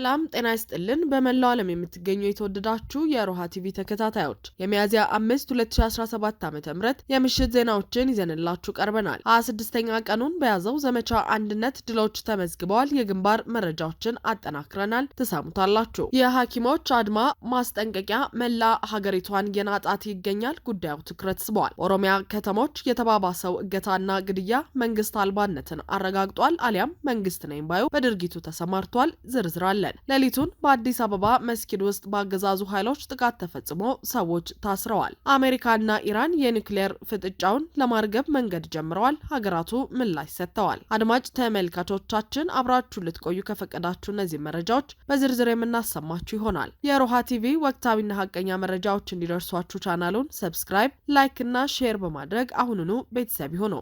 ሰላም ጤና ይስጥልን። በመላው ዓለም የምትገኙ የተወደዳችሁ የሮሃ ቲቪ ተከታታዮች የሚያዝያ አምስት 2017 ዓ ም የምሽት ዜናዎችን ይዘንላችሁ ቀርበናል። 26ኛ ቀኑን በያዘው ዘመቻ አንድነት ድሎች ተመዝግበዋል። የግንባር መረጃዎችን አጠናክረናል፣ ትሰሙታላችሁ። የሐኪሞች አድማ ማስጠንቀቂያ መላ ሀገሪቷን የናጣት ይገኛል። ጉዳዩ ትኩረት ስበዋል። ኦሮሚያ ከተሞች የተባባሰው እገታና ግድያ መንግስት አልባነትን አረጋግጧል። አሊያም መንግስት ነኝ ባዩ በድርጊቱ ተሰማርቷል። ዝርዝር አለ። እንገኛለን። ሌሊቱን በአዲስ አበባ መስጊድ ውስጥ በአገዛዙ ኃይሎች ጥቃት ተፈጽሞ ሰዎች ታስረዋል። አሜሪካና ኢራን የኒውክሌር ፍጥጫውን ለማርገብ መንገድ ጀምረዋል። ሀገራቱ ምላሽ ሰጥተዋል። አድማጭ ተመልካቾቻችን አብራችሁ ልትቆዩ ከፈቀዳችሁ እነዚህ መረጃዎች በዝርዝር የምናሰማችሁ ይሆናል። የሮሃ ቲቪ ወቅታዊና ሀቀኛ መረጃዎች እንዲደርሷችሁ ቻናሉን ሰብስክራይብ፣ ላይክ እና ሼር በማድረግ አሁኑኑ ቤተሰብ ይሁኑ።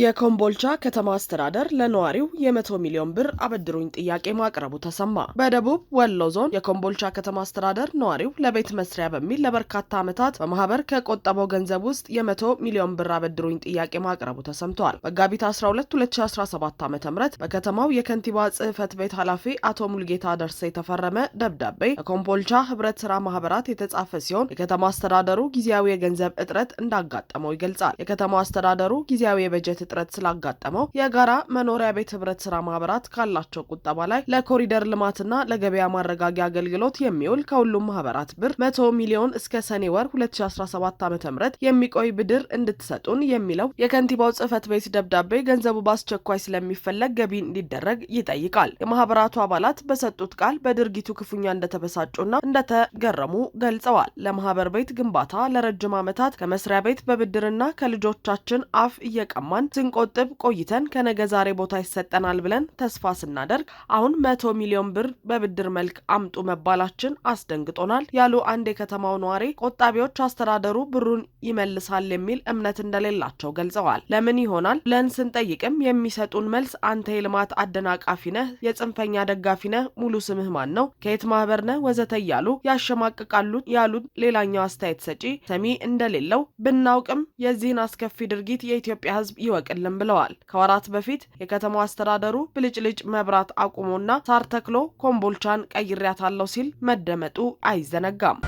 የኮምቦልቻ ከተማ አስተዳደር ለነዋሪው የመቶ ሚሊዮን ብር አበድሩኝ ጥያቄ ማቅረቡ ተሰማ። በደቡብ ወሎ ዞን የኮምቦልቻ ከተማ አስተዳደር ነዋሪው ለቤት መስሪያ በሚል ለበርካታ ዓመታት በማህበር ከቆጠበው ገንዘብ ውስጥ የመቶ ሚሊዮን ብር አበድሩኝ ጥያቄ ማቅረቡ ተሰምተዋል። መጋቢት 12 2017 ዓ ም በከተማው የከንቲባ ጽህፈት ቤት ኃላፊ አቶ ሙልጌታ ደርሰ የተፈረመ ደብዳቤ የኮምቦልቻ ህብረት ስራ ማህበራት የተጻፈ ሲሆን የከተማ አስተዳደሩ ጊዜያዊ የገንዘብ እጥረት እንዳጋጠመው ይገልጻል። የከተማ አስተዳደሩ ጊዜያዊ የበጀት እጥረት ስላጋጠመው የጋራ መኖሪያ ቤት ህብረት ስራ ማህበራት ካላቸው ቁጠባ ላይ ለኮሪደር ልማትና ለገበያ ማረጋጊያ አገልግሎት የሚውል ከሁሉም ማህበራት ብር መቶ ሚሊዮን እስከ ሰኔ ወር 2017 ዓ ም የሚቆይ ብድር እንድትሰጡን የሚለው የከንቲባው ጽህፈት ቤት ደብዳቤ ገንዘቡ በአስቸኳይ ስለሚፈለግ ገቢ እንዲደረግ ይጠይቃል። የማህበራቱ አባላት በሰጡት ቃል በድርጊቱ ክፉኛ እንደተበሳጩና እንደተገረሙ ገልጸዋል። ለማህበር ቤት ግንባታ ለረጅም ዓመታት ከመስሪያ ቤት በብድርና ከልጆቻችን አፍ እየቀማን ስንቆጥብ ቆይተን ከነገ ዛሬ ቦታ ይሰጠናል ብለን ተስፋ ስናደርግ አሁን መቶ ሚሊዮን ብር በብድር መልክ አምጡ መባላችን አስደንግጦናል ያሉ አንድ የከተማው ነዋሪ ቆጣቢዎች አስተዳደሩ ብሩን ይመልሳል የሚል እምነት እንደሌላቸው ገልጸዋል። ለምን ይሆናል ብለን ስንጠይቅም የሚሰጡን መልስ አንተ የልማት አደናቃፊ ነህ፣ የጽንፈኛ ደጋፊ ነህ፣ ሙሉ ስምህ ማን ነው፣ ከየት ማህበር ነህ ወዘተ እያሉ ያሸማቅቃሉ ያሉት ሌላኛው አስተያየት ሰጪ ሰሚ እንደሌለው ብናውቅም የዚህን አስከፊ ድርጊት የኢትዮጵያ ሕዝብ ይወቅ ይጠበቅልን ብለዋል። ከወራት በፊት የከተማው አስተዳደሩ ብልጭልጭ መብራት አቁሞና ሳር ተክሎ ኮምቦልቻን ቀይሬያታለሁ ሲል መደመጡ አይዘነጋም።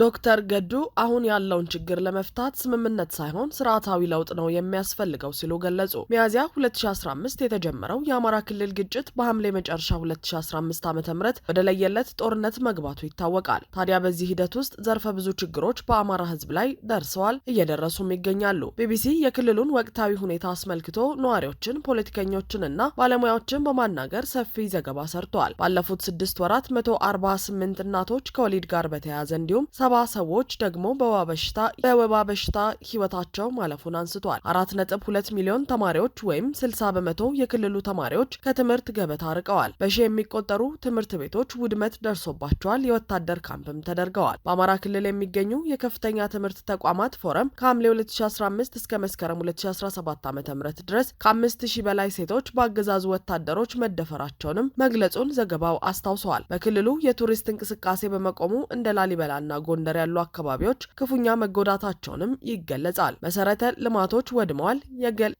ዶክተር ገዱ አሁን ያለውን ችግር ለመፍታት ስምምነት ሳይሆን ስርዓታዊ ለውጥ ነው የሚያስፈልገው ሲሉ ገለጹ። ሚያዝያ 2015 የተጀመረው የአማራ ክልል ግጭት በሐምሌ መጨረሻ 2015 ዓ ም ወደ ለየለት ጦርነት መግባቱ ይታወቃል። ታዲያ በዚህ ሂደት ውስጥ ዘርፈ ብዙ ችግሮች በአማራ ሕዝብ ላይ ደርሰዋል፣ እየደረሱም ይገኛሉ። ቢቢሲ የክልሉን ወቅታዊ ሁኔታ አስመልክቶ ነዋሪዎችን፣ ፖለቲከኞችንና ባለሙያዎችን በማናገር ሰፊ ዘገባ ሰርቷል። ባለፉት ስድስት ወራት 148 እናቶች ከወሊድ ጋር በተያያዘ እንዲሁም ሰባ ሰዎች ደግሞ በወባ በሽታ በወባ በሽታ ህይወታቸው ማለፉን አንስቷል። አራት ነጥብ ሁለት ሚሊዮን ተማሪዎች ወይም ስልሳ በመቶ የክልሉ ተማሪዎች ከትምህርት ገበታ ርቀዋል። በሺ የሚቆጠሩ ትምህርት ቤቶች ውድመት ደርሶባቸዋል። የወታደር ካምፕም ተደርገዋል። በአማራ ክልል የሚገኙ የከፍተኛ ትምህርት ተቋማት ፎረም ከሐምሌ 2015 እስከ መስከረም 2017 ዓ ም ድረስ ከአምስት ሺህ በላይ ሴቶች በአገዛዙ ወታደሮች መደፈራቸውንም መግለጹን ዘገባው አስታውሰዋል። በክልሉ የቱሪስት እንቅስቃሴ በመቆሙ እንደ ላሊበላና ጎንደር ያሉ አካባቢዎች ክፉኛ መጎዳታቸውንም ይገለጻል። መሰረተ ልማቶች ወድመዋል፣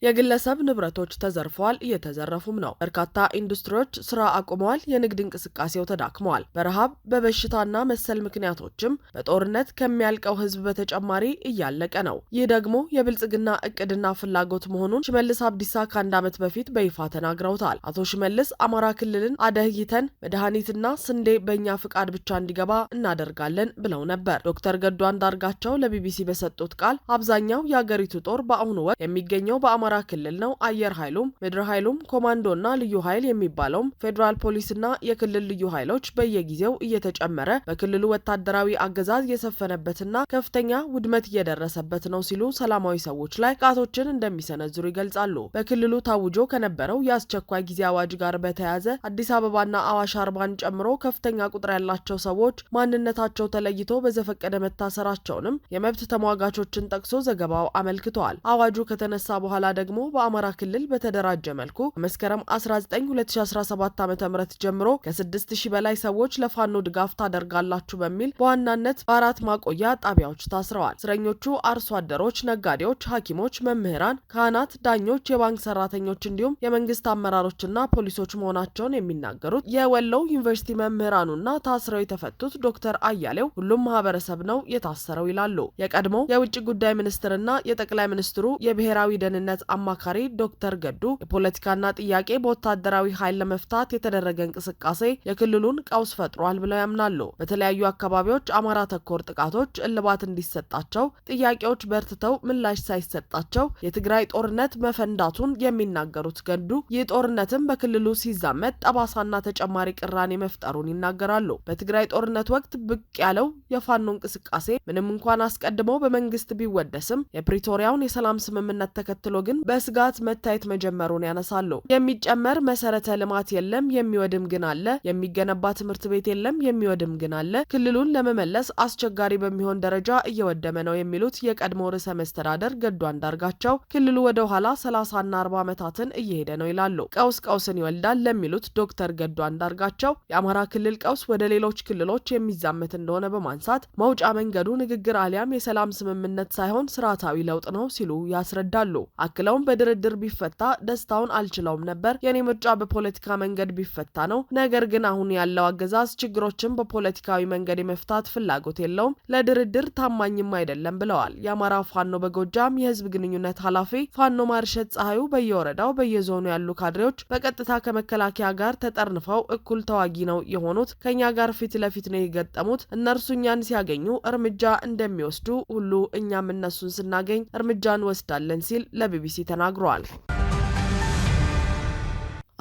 የግለሰብ ንብረቶች ተዘርፈዋል፣ እየተዘረፉም ነው። በርካታ ኢንዱስትሪዎች ስራ አቁመዋል፣ የንግድ እንቅስቃሴው ተዳክመዋል። በረሃብ በበሽታና መሰል ምክንያቶችም በጦርነት ከሚያልቀው ህዝብ በተጨማሪ እያለቀ ነው። ይህ ደግሞ የብልጽግና እቅድና ፍላጎት መሆኑን ሽመልስ አብዲሳ ከአንድ ዓመት በፊት በይፋ ተናግረውታል። አቶ ሽመልስ አማራ ክልልን አደህይተን መድኃኒትና ስንዴ በእኛ ፍቃድ ብቻ እንዲገባ እናደርጋለን ብለው ነበር። ነበር። ዶክተር ገዱ አንዳርጋቸው ለቢቢሲ በሰጡት ቃል አብዛኛው የአገሪቱ ጦር በአሁኑ ወቅት የሚገኘው በአማራ ክልል ነው። አየር ኃይሉም ምድር ኃይሉም ኮማንዶና ልዩ ኃይል የሚባለውም ፌዴራል ፖሊስና የክልል ልዩ ኃይሎች በየጊዜው እየተጨመረ በክልሉ ወታደራዊ አገዛዝ የሰፈነበትና ከፍተኛ ውድመት እየደረሰበት ነው ሲሉ ሰላማዊ ሰዎች ላይ ጥቃቶችን እንደሚሰነዝሩ ይገልጻሉ። በክልሉ ታውጆ ከነበረው የአስቸኳይ ጊዜ አዋጅ ጋር በተያያዘ አዲስ አበባና አዋሽ አርባን ጨምሮ ከፍተኛ ቁጥር ያላቸው ሰዎች ማንነታቸው ተለይቶ በዘፈቀደ መታሰራቸውንም የመብት ተሟጋቾችን ጠቅሶ ዘገባው አመልክተዋል። አዋጁ ከተነሳ በኋላ ደግሞ በአማራ ክልል በተደራጀ መልኩ መስከረም 19 2017 ዓ ም ጀምሮ ከ6000 በላይ ሰዎች ለፋኖ ድጋፍ ታደርጋላችሁ በሚል በዋናነት በአራት ማቆያ ጣቢያዎች ታስረዋል። እስረኞቹ አርሶ አደሮች፣ ነጋዴዎች፣ ሐኪሞች፣ መምህራን፣ ካህናት፣ ዳኞች፣ የባንክ ሰራተኞች እንዲሁም የመንግስት አመራሮችና ፖሊሶች መሆናቸውን የሚናገሩት የወሎው ዩኒቨርሲቲ መምህራኑና ታስረው የተፈቱት ዶክተር አያሌው ሁሉም ማህበረሰብ ነው የታሰረው ይላሉ የቀድሞ የውጭ ጉዳይ ሚኒስትርና የጠቅላይ ሚኒስትሩ የብሔራዊ ደህንነት አማካሪ ዶክተር ገዱ የፖለቲካና ጥያቄ በወታደራዊ ኃይል ለመፍታት የተደረገ እንቅስቃሴ የክልሉን ቀውስ ፈጥሯል ብለው ያምናሉ። በተለያዩ አካባቢዎች አማራ ተኮር ጥቃቶች እልባት እንዲሰጣቸው ጥያቄዎች በርትተው ምላሽ ሳይሰጣቸው የትግራይ ጦርነት መፈንዳቱን የሚናገሩት ገዱ ይህ ጦርነትም በክልሉ ሲዛመት ጠባሳና ተጨማሪ ቅራኔ መፍጠሩን ይናገራሉ። በትግራይ ጦርነት ወቅት ብቅ ያለው የፋ የፋኖ እንቅስቃሴ ምንም እንኳን አስቀድመው በመንግስት ቢወደስም የፕሪቶሪያውን የሰላም ስምምነት ተከትሎ ግን በስጋት መታየት መጀመሩን ያነሳሉ። የሚጨመር መሰረተ ልማት የለም፣ የሚወድም ግን አለ። የሚገነባ ትምህርት ቤት የለም፣ የሚወድም ግን አለ። ክልሉን ለመመለስ አስቸጋሪ በሚሆን ደረጃ እየወደመ ነው የሚሉት የቀድሞ ርዕሰ መስተዳደር ገዱ አንዳርጋቸው ክልሉ ወደ ኋላ ሰላሳና አርባ ዓመታትን እየሄደ ነው ይላሉ። ቀውስ ቀውስን ይወልዳል ለሚሉት ዶክተር ገዱ አንዳርጋቸው የአማራ ክልል ቀውስ ወደ ሌሎች ክልሎች የሚዛመት እንደሆነ በማንሳት ስርዓት መውጫ መንገዱ ንግግር አሊያም የሰላም ስምምነት ሳይሆን ስርዓታዊ ለውጥ ነው ሲሉ ያስረዳሉ። አክለውም በድርድር ቢፈታ ደስታውን አልችለውም ነበር። የኔ ምርጫ በፖለቲካ መንገድ ቢፈታ ነው። ነገር ግን አሁን ያለው አገዛዝ ችግሮችን በፖለቲካዊ መንገድ የመፍታት ፍላጎት የለውም፣ ለድርድር ታማኝም አይደለም ብለዋል። የአማራ ፋኖ በጎጃም የህዝብ ግንኙነት ኃላፊ ፋኖ ማርሸት ፀሐዩ በየወረዳው በየዞኑ ያሉ ካድሬዎች በቀጥታ ከመከላከያ ጋር ተጠርንፈው እኩል ተዋጊ ነው የሆኑት። ከኛ ጋር ፊት ለፊት ነው የገጠሙት። እነርሱ እኛን እነሱን ሲያገኙ እርምጃ እንደሚወስዱ ሁሉ እኛም እነሱን ስናገኝ እርምጃ እንወስዳለን ሲል ለቢቢሲ ተናግሯል።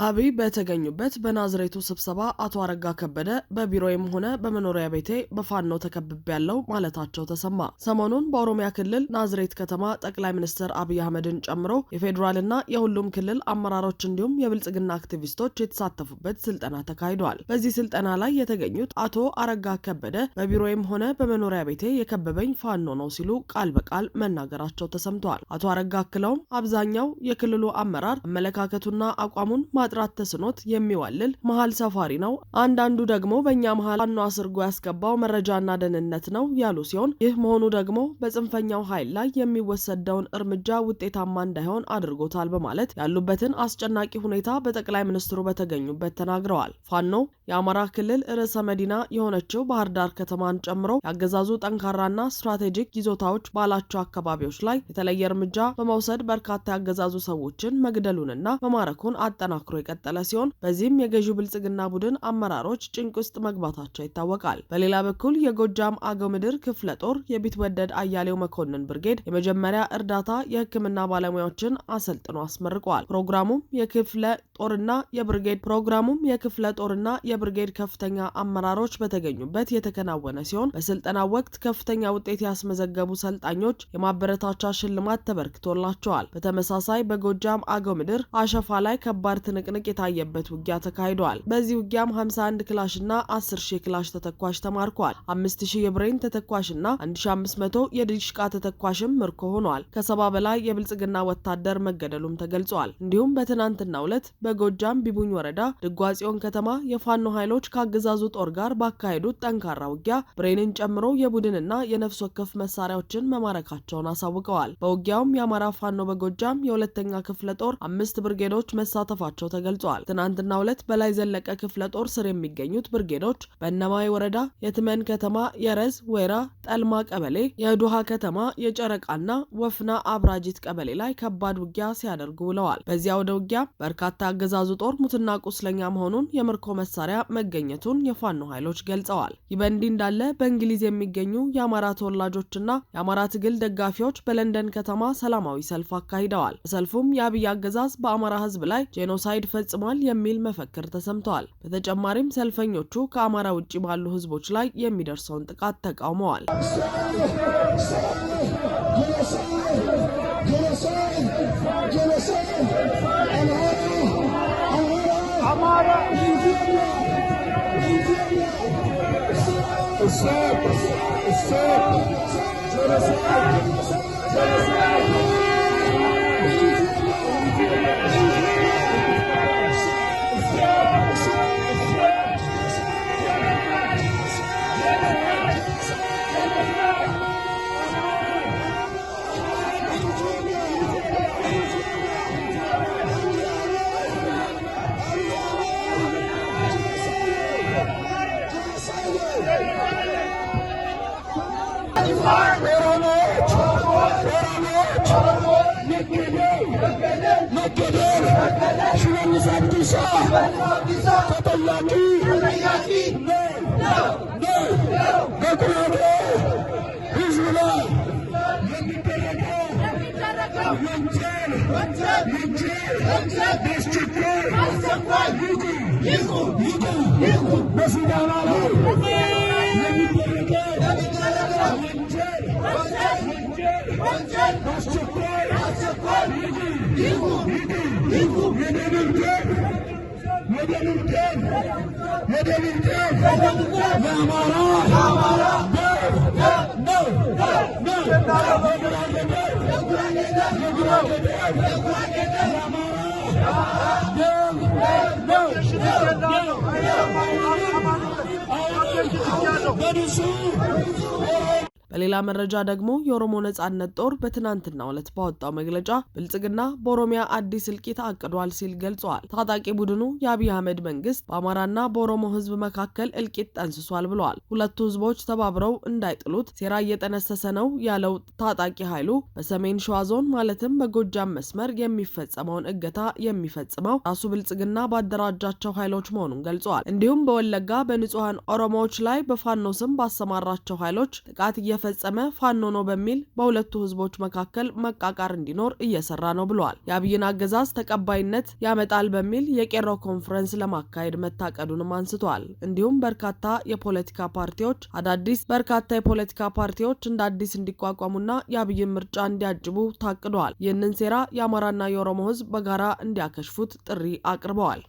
አብይ በተገኙበት በናዝሬቱ ስብሰባ አቶ አረጋ ከበደ በቢሮዬም ሆነ በመኖሪያ ቤቴ በፋኖ ተከብቤ ያለው ማለታቸው ተሰማ። ሰሞኑን በኦሮሚያ ክልል ናዝሬት ከተማ ጠቅላይ ሚኒስትር አብይ አህመድን ጨምሮ የፌዴራልና የሁሉም ክልል አመራሮች እንዲሁም የብልጽግና አክቲቪስቶች የተሳተፉበት ስልጠና ተካሂደዋል። በዚህ ስልጠና ላይ የተገኙት አቶ አረጋ ከበደ በቢሮዬም ሆነ በመኖሪያ ቤቴ የከበበኝ ፋኖ ነው ሲሉ ቃል በቃል መናገራቸው ተሰምተዋል። አቶ አረጋ አክለውም አብዛኛው የክልሉ አመራር አመለካከቱና አቋሙን ማ መጥራት ተስኖት የሚዋልል መሀል ሰፋሪ ነው። አንዳንዱ ደግሞ በእኛ መሀል አኖ አስርጎ ያስገባው መረጃና ደህንነት ነው ያሉ ሲሆን ይህ መሆኑ ደግሞ በጽንፈኛው ኃይል ላይ የሚወሰደውን እርምጃ ውጤታማ እንዳይሆን አድርጎታል በማለት ያሉበትን አስጨናቂ ሁኔታ በጠቅላይ ሚኒስትሩ በተገኙበት ተናግረዋል። ፋኖ የአማራ ክልል ርዕሰ መዲና የሆነችው ባህር ዳር ከተማን ጨምሮ ያገዛዙ ጠንካራና ስትራቴጂክ ይዞታዎች ባላቸው አካባቢዎች ላይ የተለየ እርምጃ በመውሰድ በርካታ ያገዛዙ ሰዎችን መግደሉንና መማረኩን አጠናክሮ ተጠናክሮ የቀጠለ ሲሆን በዚህም የገዢው ብልጽግና ቡድን አመራሮች ጭንቅ ውስጥ መግባታቸው ይታወቃል። በሌላ በኩል የጎጃም አገው ምድር ክፍለ ጦር የቢትወደድ አያሌው መኮንን ብርጌድ የመጀመሪያ እርዳታ የሕክምና ባለሙያዎችን አሰልጥኖ አስመርቀዋል። ፕሮግራሙም የክፍለ ጦርና የብርጌድ ፕሮግራሙም የክፍለ ጦርና የብርጌድ ከፍተኛ አመራሮች በተገኙበት የተከናወነ ሲሆን በስልጠናው ወቅት ከፍተኛ ውጤት ያስመዘገቡ ሰልጣኞች የማበረታቻ ሽልማት ተበርክቶላቸዋል። በተመሳሳይ በጎጃም አገው ምድር አሸፋ ላይ ከባድ ትን ትንቅንቅ የታየበት ውጊያ ተካሂደዋል። በዚህ ውጊያም 51 ክላሽ እና 10 ሺህ ክላሽ ተተኳሽ ተማርከዋል። 5000 የብሬን ተተኳሽ እና 1500 የዲሽቃ ተተኳሽም ምርኮ ሆኗል። ከሰባ በላይ የብልጽግና ወታደር መገደሉም ተገልጿል። እንዲሁም በትናንትናው ዕለት በጎጃም ቢቡኝ ወረዳ ድጓጽዮን ከተማ የፋኖ ኃይሎች ከአገዛዙ ጦር ጋር ባካሄዱት ጠንካራ ውጊያ ብሬንን ጨምሮ የቡድንና የነፍስ ወከፍ መሳሪያዎችን መማረካቸውን አሳውቀዋል። በውጊያውም የአማራ ፋኖ በጎጃም የሁለተኛ ክፍለ ጦር አምስት ብርጌዶች መሳተፋቸው ተገልጿል። ትናንትና ሁለት በላይ ዘለቀ ክፍለ ጦር ስር የሚገኙት ብርጌዶች በእነማይ ወረዳ የትመን ከተማ የረዝ ወይራ ጠልማ ቀበሌ፣ የዱሃ ከተማ የጨረቃና ወፍና አብራጂት ቀበሌ ላይ ከባድ ውጊያ ሲያደርጉ ውለዋል። በዚያ ወደ ውጊያ በርካታ አገዛዙ ጦር ሙትና ቁስለኛ መሆኑን የምርኮ መሳሪያ መገኘቱን የፋኖ ኃይሎች ገልጸዋል። ይህ በእንዲህ እንዳለ በእንግሊዝ የሚገኙ የአማራ ተወላጆችና የአማራ ትግል ደጋፊዎች በለንደን ከተማ ሰላማዊ ሰልፍ አካሂደዋል። በሰልፉም የአብይ አገዛዝ በአማራ ሕዝብ ላይ ጄኖሳይድ አካሄድ ፈጽሟል የሚል መፈክር ተሰምተዋል። በተጨማሪም ሰልፈኞቹ ከአማራ ውጭ ባሉ ህዝቦች ላይ የሚደርሰውን ጥቃት ተቃውመዋል። Isa! Katayaki! Katayaki! No! No! No! Bakurado! Hizbullah! Yöntel! Yöntel! Destekler! Yıkı! Yıkı! Yıkı! Yıkı! Mesudanalı! Yöntel! Yöntel! Destekler! Yıkı! Yıkı! Yıkı! Yıkı! Yıkı! Yıkı! مدينتين مدينتين يا مراه يا مراه نو نو نو نو نو نو በሌላ መረጃ ደግሞ የኦሮሞ ነጻነት ጦር በትናንትናው ዕለት ባወጣው መግለጫ ብልጽግና በኦሮሚያ አዲስ እልቂት አቅዷል ሲል ገልጿል። ታጣቂ ቡድኑ የአብይ አህመድ መንግስት በአማራና በኦሮሞ ህዝብ መካከል እልቂት ጠንስሷል ብለዋል። ሁለቱ ህዝቦች ተባብረው እንዳይጥሉት ሴራ እየጠነሰሰ ነው ያለው ታጣቂ ኃይሉ በሰሜን ሸዋ ዞን ማለትም በጎጃም መስመር የሚፈጸመውን እገታ የሚፈጽመው ራሱ ብልጽግና ባደራጃቸው ኃይሎች መሆኑን ገልጿል። እንዲሁም በወለጋ በንጹሐን ኦሮሞዎች ላይ በፋኖ ስም ባሰማራቸው ኃይሎች ጥቃት እየ የተፈጸመ ፋኖ ነው በሚል በሁለቱ ህዝቦች መካከል መቃቃር እንዲኖር እየሰራ ነው ብለዋል። የአብይን አገዛዝ ተቀባይነት ያመጣል በሚል የቄሮ ኮንፈረንስ ለማካሄድ መታቀዱንም አንስተዋል። እንዲሁም በርካታ የፖለቲካ ፓርቲዎች አዳዲስ በርካታ የፖለቲካ ፓርቲዎች እንደ አዲስ እንዲቋቋሙና የአብይን ምርጫ እንዲያጅቡ ታቅደዋል። ይህንን ሴራ የአማራና የኦሮሞ ህዝብ በጋራ እንዲያከሽፉት ጥሪ አቅርበዋል።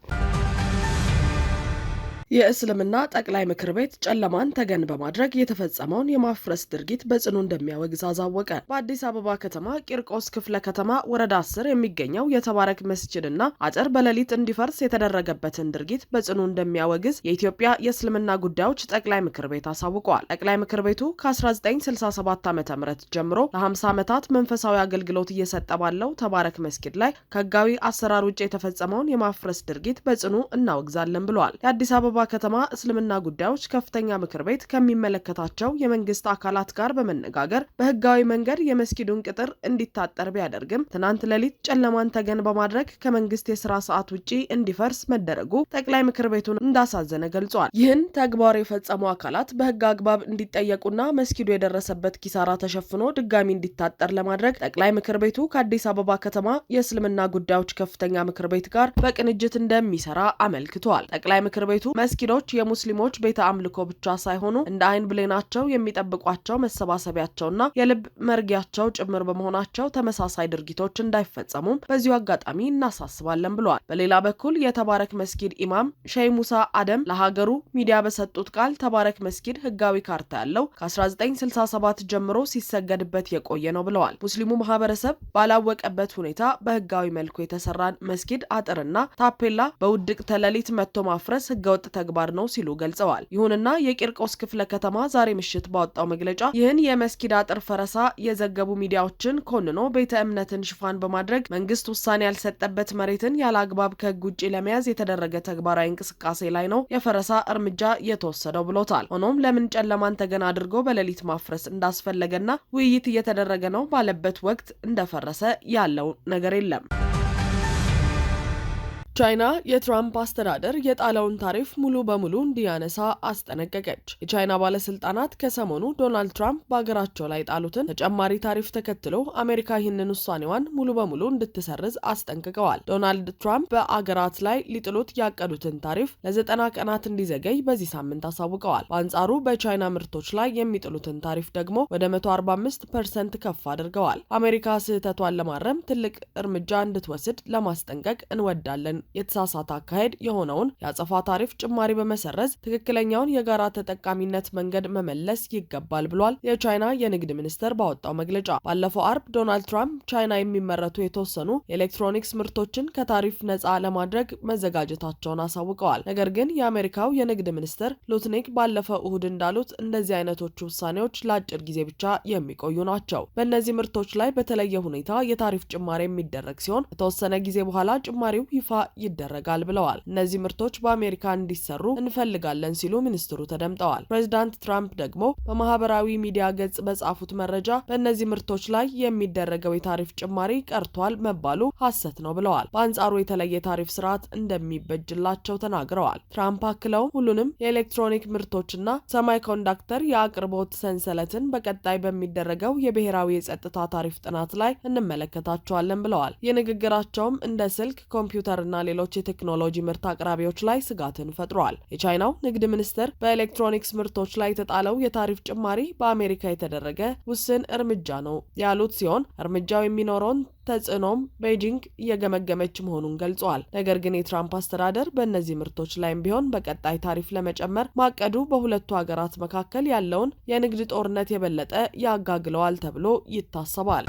የእስልምና ጠቅላይ ምክር ቤት ጨለማን ተገን በማድረግ የተፈጸመውን የማፍረስ ድርጊት በጽኑ እንደሚያወግዝ አዛወቀ። በአዲስ አበባ ከተማ ቂርቆስ ክፍለ ከተማ ወረዳ አስር የሚገኘው የተባረክ መስጅድና አጥር በሌሊት እንዲፈርስ የተደረገበትን ድርጊት በጽኑ እንደሚያወግዝ የኢትዮጵያ የእስልምና ጉዳዮች ጠቅላይ ምክር ቤት አሳውቀዋል። ጠቅላይ ምክር ቤቱ ከ1967 ዓ ም ጀምሮ ለ50 ዓመታት መንፈሳዊ አገልግሎት እየሰጠ ባለው ተባረክ መስጊድ ላይ ከህጋዊ አሰራር ውጭ የተፈጸመውን የማፍረስ ድርጊት በጽኑ እናወግዛለን ብለዋል። የአዲስ አበባ አበባ ከተማ እስልምና ጉዳዮች ከፍተኛ ምክር ቤት ከሚመለከታቸው የመንግስት አካላት ጋር በመነጋገር በህጋዊ መንገድ የመስጊዱን ቅጥር እንዲታጠር ቢያደርግም ትናንት ሌሊት ጨለማን ተገን በማድረግ ከመንግስት የስራ ሰዓት ውጪ እንዲፈርስ መደረጉ ጠቅላይ ምክር ቤቱን እንዳሳዘነ ገልጿል። ይህን ተግባር የፈጸሙ አካላት በህግ አግባብ እንዲጠየቁና መስጊዱ የደረሰበት ኪሳራ ተሸፍኖ ድጋሚ እንዲታጠር ለማድረግ ጠቅላይ ምክር ቤቱ ከአዲስ አበባ ከተማ የእስልምና ጉዳዮች ከፍተኛ ምክር ቤት ጋር በቅንጅት እንደሚሰራ አመልክቷል። ጠቅላይ ምክር ቤቱ መስኪኖች የሙስሊሞች ቤተ አምልኮ ብቻ ሳይሆኑ እንደ አይን ብሌናቸው የሚጠብቋቸው መሰባሰቢያቸውና የልብ መርጊያቸው ጭምር በመሆናቸው ተመሳሳይ ድርጊቶች እንዳይፈጸሙም በዚሁ አጋጣሚ እናሳስባለን ብለዋል። በሌላ በኩል የተባረክ መስጊድ ኢማም ሼህ ሙሳ አደም ለሀገሩ ሚዲያ በሰጡት ቃል ተባረክ መስጊድ ህጋዊ ካርታ ያለው ከ1967 ጀምሮ ሲሰገድበት የቆየ ነው ብለዋል። ሙስሊሙ ማህበረሰብ ባላወቀበት ሁኔታ በህጋዊ መልኩ የተሰራን መስጊድ አጥርና ታፔላ በውድቅ ተለሊት መጥቶ ማፍረስ ህገወጥ ተግባር ነው ሲሉ ገልጸዋል። ይሁንና የቂርቆስ ክፍለ ከተማ ዛሬ ምሽት ባወጣው መግለጫ ይህን የመስጊድ አጥር ፈረሳ የዘገቡ ሚዲያዎችን ኮንኖ ቤተ እምነትን ሽፋን በማድረግ መንግስት ውሳኔ ያልሰጠበት መሬትን ያለ አግባብ ከህግ ውጭ ለመያዝ የተደረገ ተግባራዊ እንቅስቃሴ ላይ ነው የፈረሳ እርምጃ የተወሰደው ብሎታል። ሆኖም ለምን ጨለማን ተገን አድርጎ በሌሊት ማፍረስ እንዳስፈለገና ውይይት እየተደረገ ነው ባለበት ወቅት እንደፈረሰ ያለው ነገር የለም። ቻይና የትራምፕ አስተዳደር የጣለውን ታሪፍ ሙሉ በሙሉ እንዲያነሳ አስጠነቀቀች። የቻይና ባለስልጣናት ከሰሞኑ ዶናልድ ትራምፕ በሀገራቸው ላይ ጣሉትን ተጨማሪ ታሪፍ ተከትሎ አሜሪካ ይህንን ውሳኔዋን ሙሉ በሙሉ እንድትሰርዝ አስጠንቅቀዋል። ዶናልድ ትራምፕ በአገራት ላይ ሊጥሉት ያቀዱትን ታሪፍ ለዘጠና ቀናት እንዲዘገይ በዚህ ሳምንት አሳውቀዋል። በአንጻሩ በቻይና ምርቶች ላይ የሚጥሉትን ታሪፍ ደግሞ ወደ 145 ፐርሰንት ከፍ አድርገዋል። አሜሪካ ስህተቷን ለማረም ትልቅ እርምጃ እንድትወስድ ለማስጠንቀቅ እንወዳለን የተሳሳተ አካሄድ የሆነውን የአጸፋ ታሪፍ ጭማሪ በመሰረዝ ትክክለኛውን የጋራ ተጠቃሚነት መንገድ መመለስ ይገባል ብሏል የቻይና የንግድ ሚኒስቴር ባወጣው መግለጫ። ባለፈው አርብ ዶናልድ ትራምፕ ቻይና የሚመረቱ የተወሰኑ የኤሌክትሮኒክስ ምርቶችን ከታሪፍ ነፃ ለማድረግ መዘጋጀታቸውን አሳውቀዋል። ነገር ግን የአሜሪካው የንግድ ሚኒስትር ሉትኒክ ባለፈው እሁድ እንዳሉት እንደዚህ አይነቶቹ ውሳኔዎች ለአጭር ጊዜ ብቻ የሚቆዩ ናቸው። በእነዚህ ምርቶች ላይ በተለየ ሁኔታ የታሪፍ ጭማሪ የሚደረግ ሲሆን ከተወሰነ ጊዜ በኋላ ጭማሪው ይፋ ይደረጋል ብለዋል። እነዚህ ምርቶች በአሜሪካ እንዲሰሩ እንፈልጋለን ሲሉ ሚኒስትሩ ተደምጠዋል። ፕሬዚዳንት ትራምፕ ደግሞ በማህበራዊ ሚዲያ ገጽ በጻፉት መረጃ በእነዚህ ምርቶች ላይ የሚደረገው የታሪፍ ጭማሪ ቀርቷል መባሉ ሐሰት ነው ብለዋል። በአንጻሩ የተለየ ታሪፍ ስርዓት እንደሚበጅላቸው ተናግረዋል። ትራምፕ አክለውም ሁሉንም የኤሌክትሮኒክ ምርቶችና ሰማይ ኮንዳክተር የአቅርቦት ሰንሰለትን በቀጣይ በሚደረገው የብሔራዊ የጸጥታ ታሪፍ ጥናት ላይ እንመለከታቸዋለን ብለዋል። የንግግራቸውም እንደ ስልክ ኮምፒውተርና ሌሎች የቴክኖሎጂ ምርት አቅራቢዎች ላይ ስጋትን ፈጥሯል። የቻይናው ንግድ ሚኒስትር በኤሌክትሮኒክስ ምርቶች ላይ የተጣለው የታሪፍ ጭማሪ በአሜሪካ የተደረገ ውስን እርምጃ ነው ያሉት ሲሆን እርምጃው የሚኖረውን ተጽዕኖም ቤጂንግ እየገመገመች መሆኑን ገልጿል። ነገር ግን የትራምፕ አስተዳደር በእነዚህ ምርቶች ላይም ቢሆን በቀጣይ ታሪፍ ለመጨመር ማቀዱ በሁለቱ ሀገራት መካከል ያለውን የንግድ ጦርነት የበለጠ ያጋግለዋል ተብሎ ይታሰባል።